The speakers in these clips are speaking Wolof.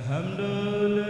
alhamdulillah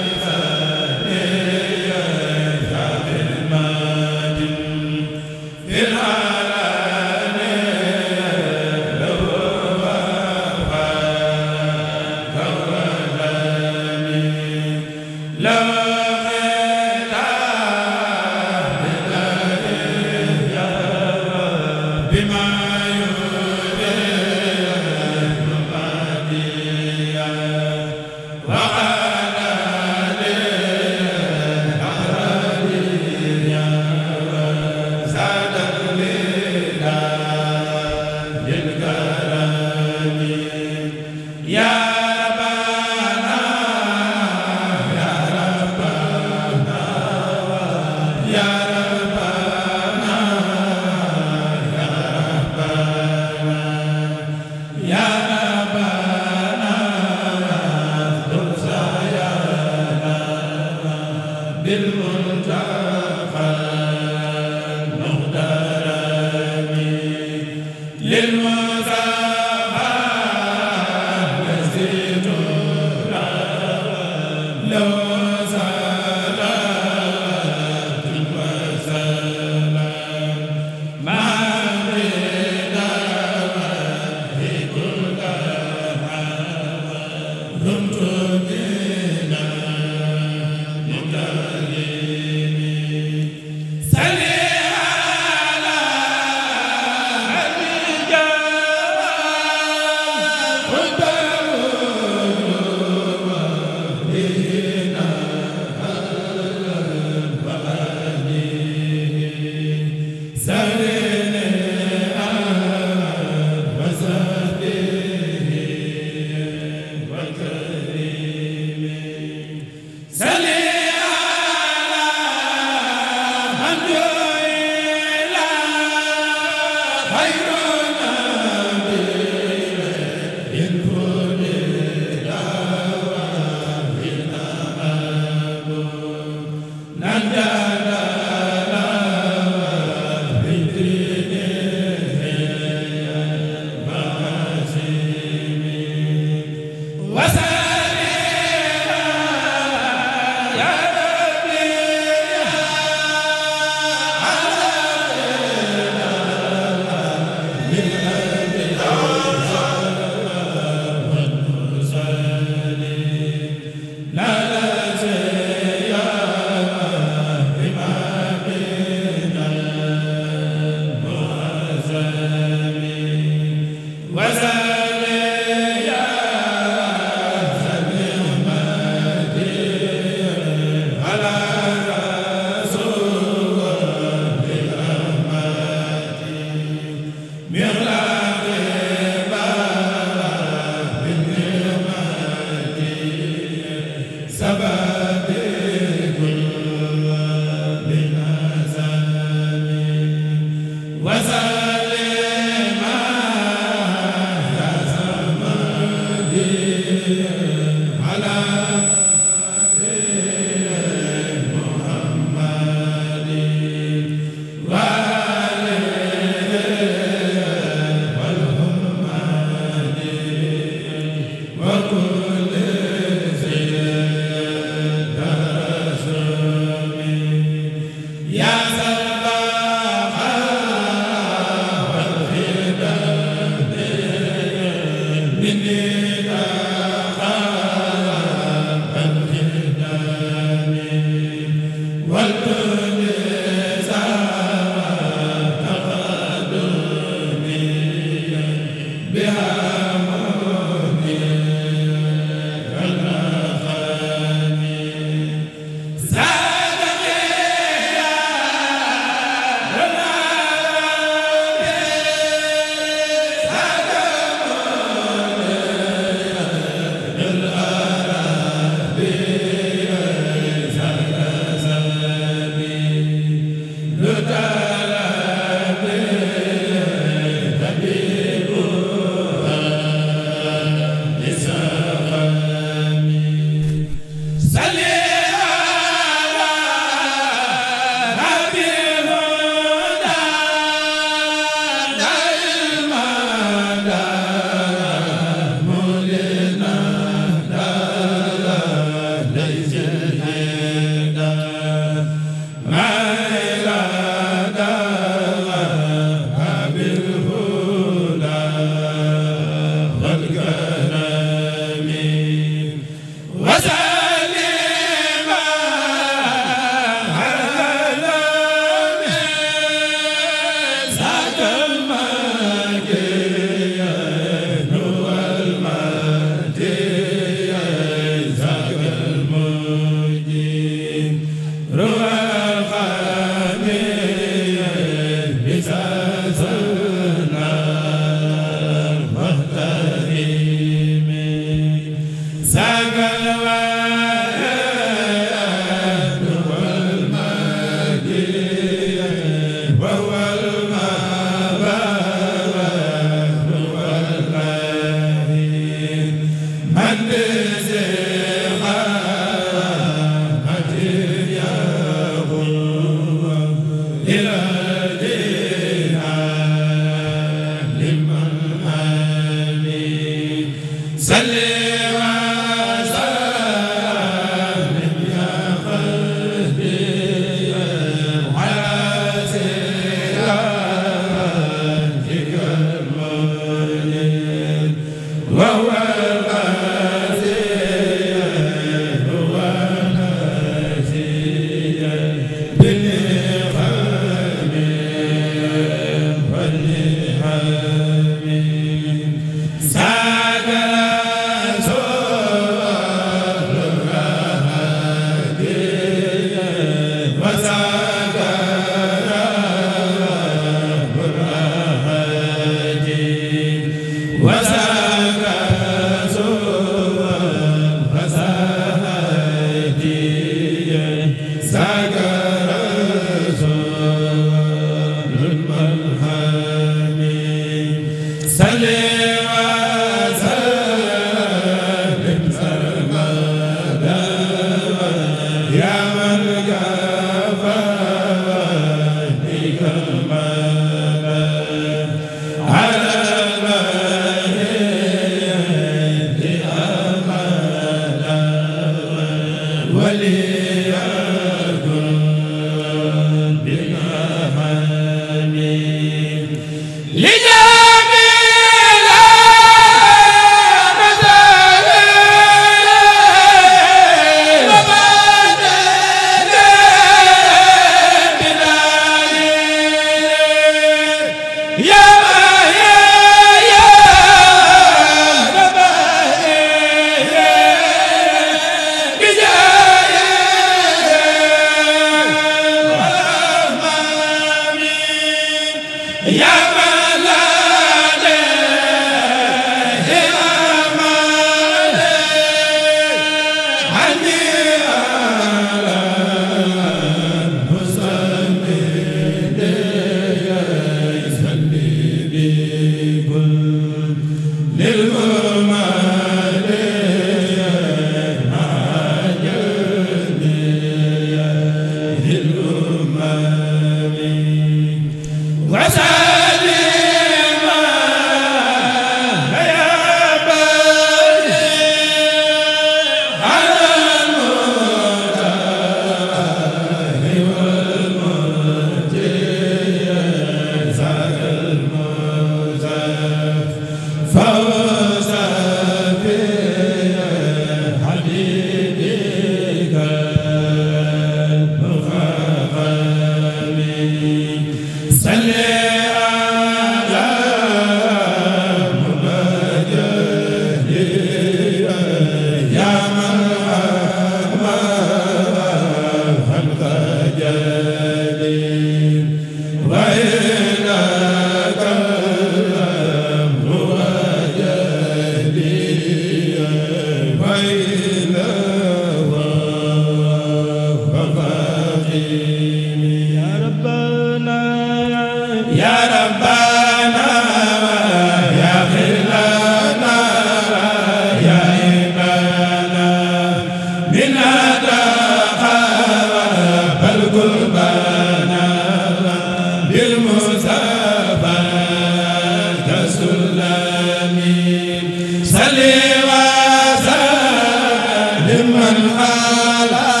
لمن آلَى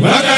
wa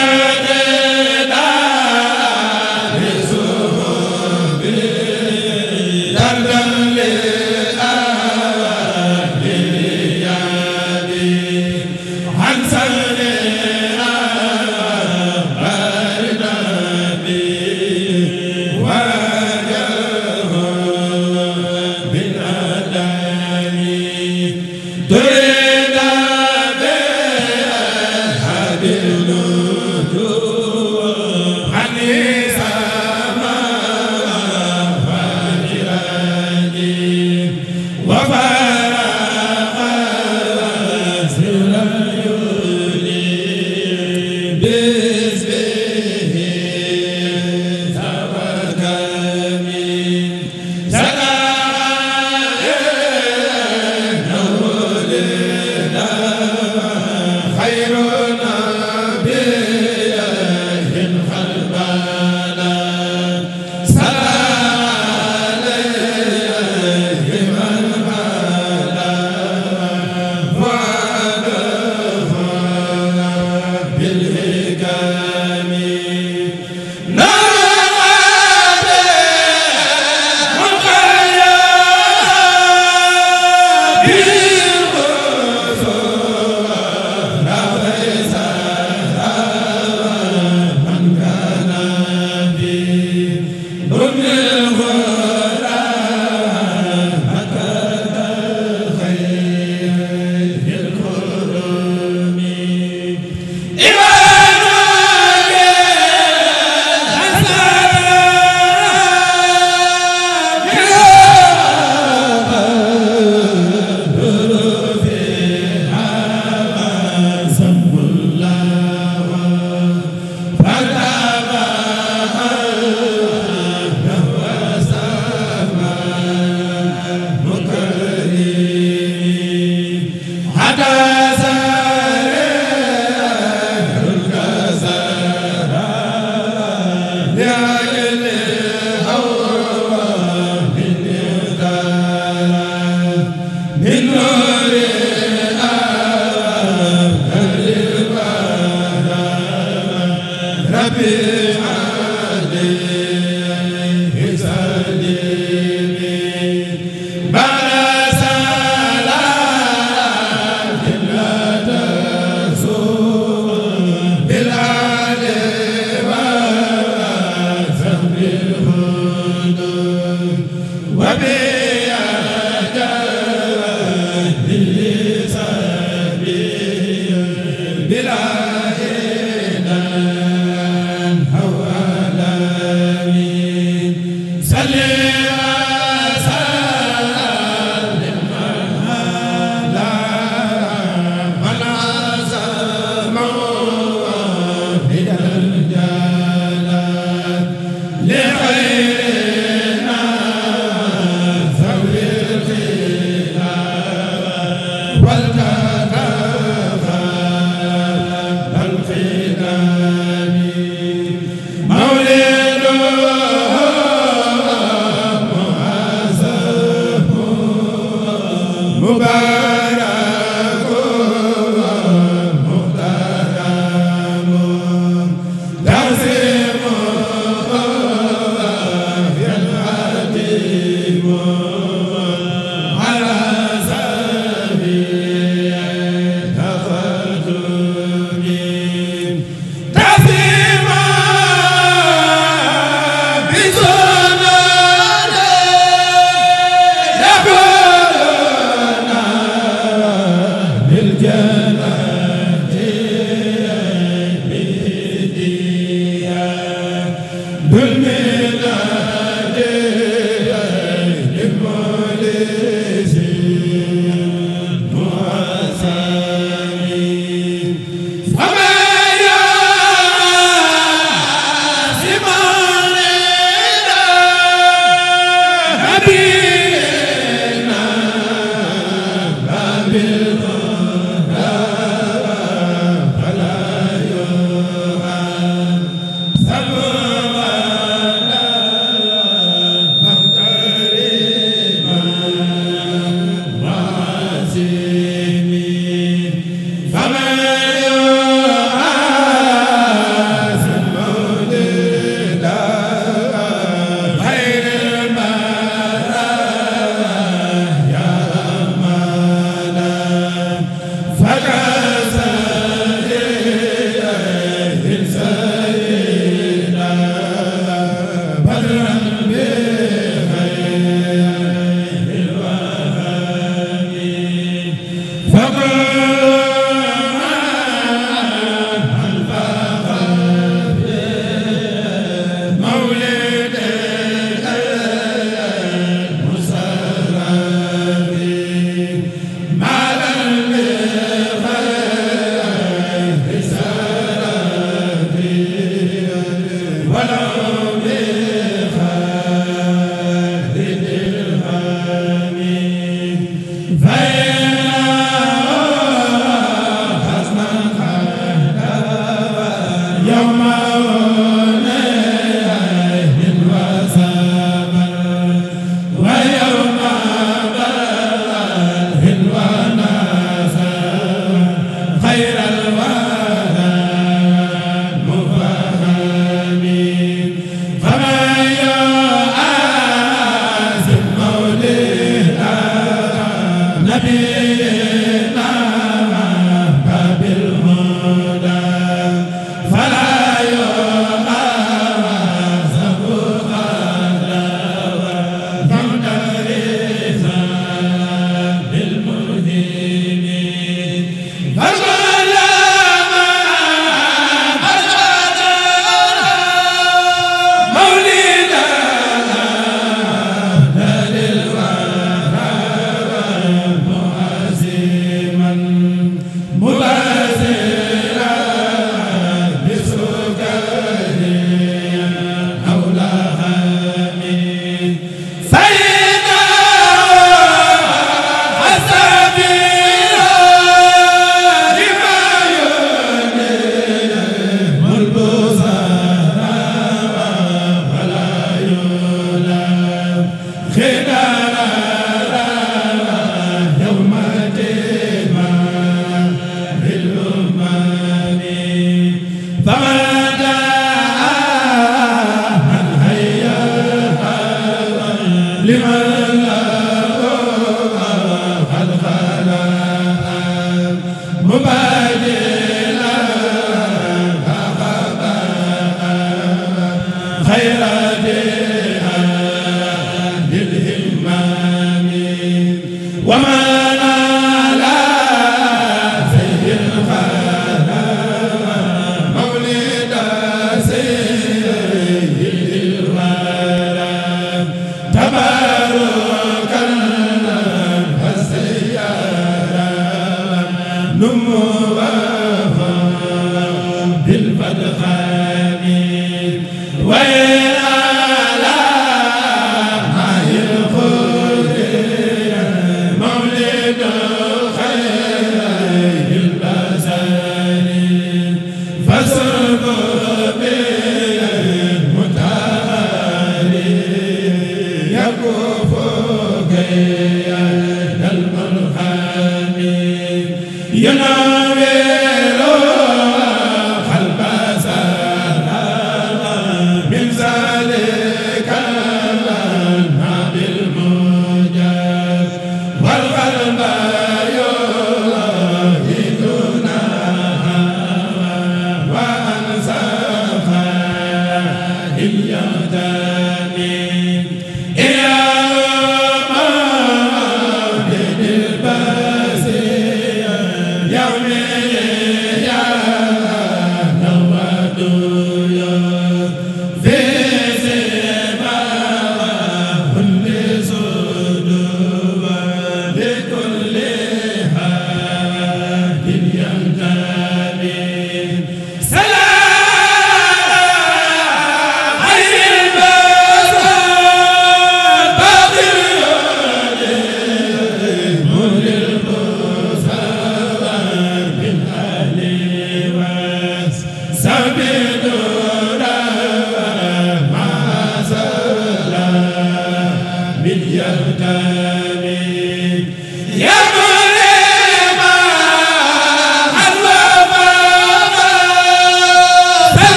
Nabi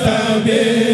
sabe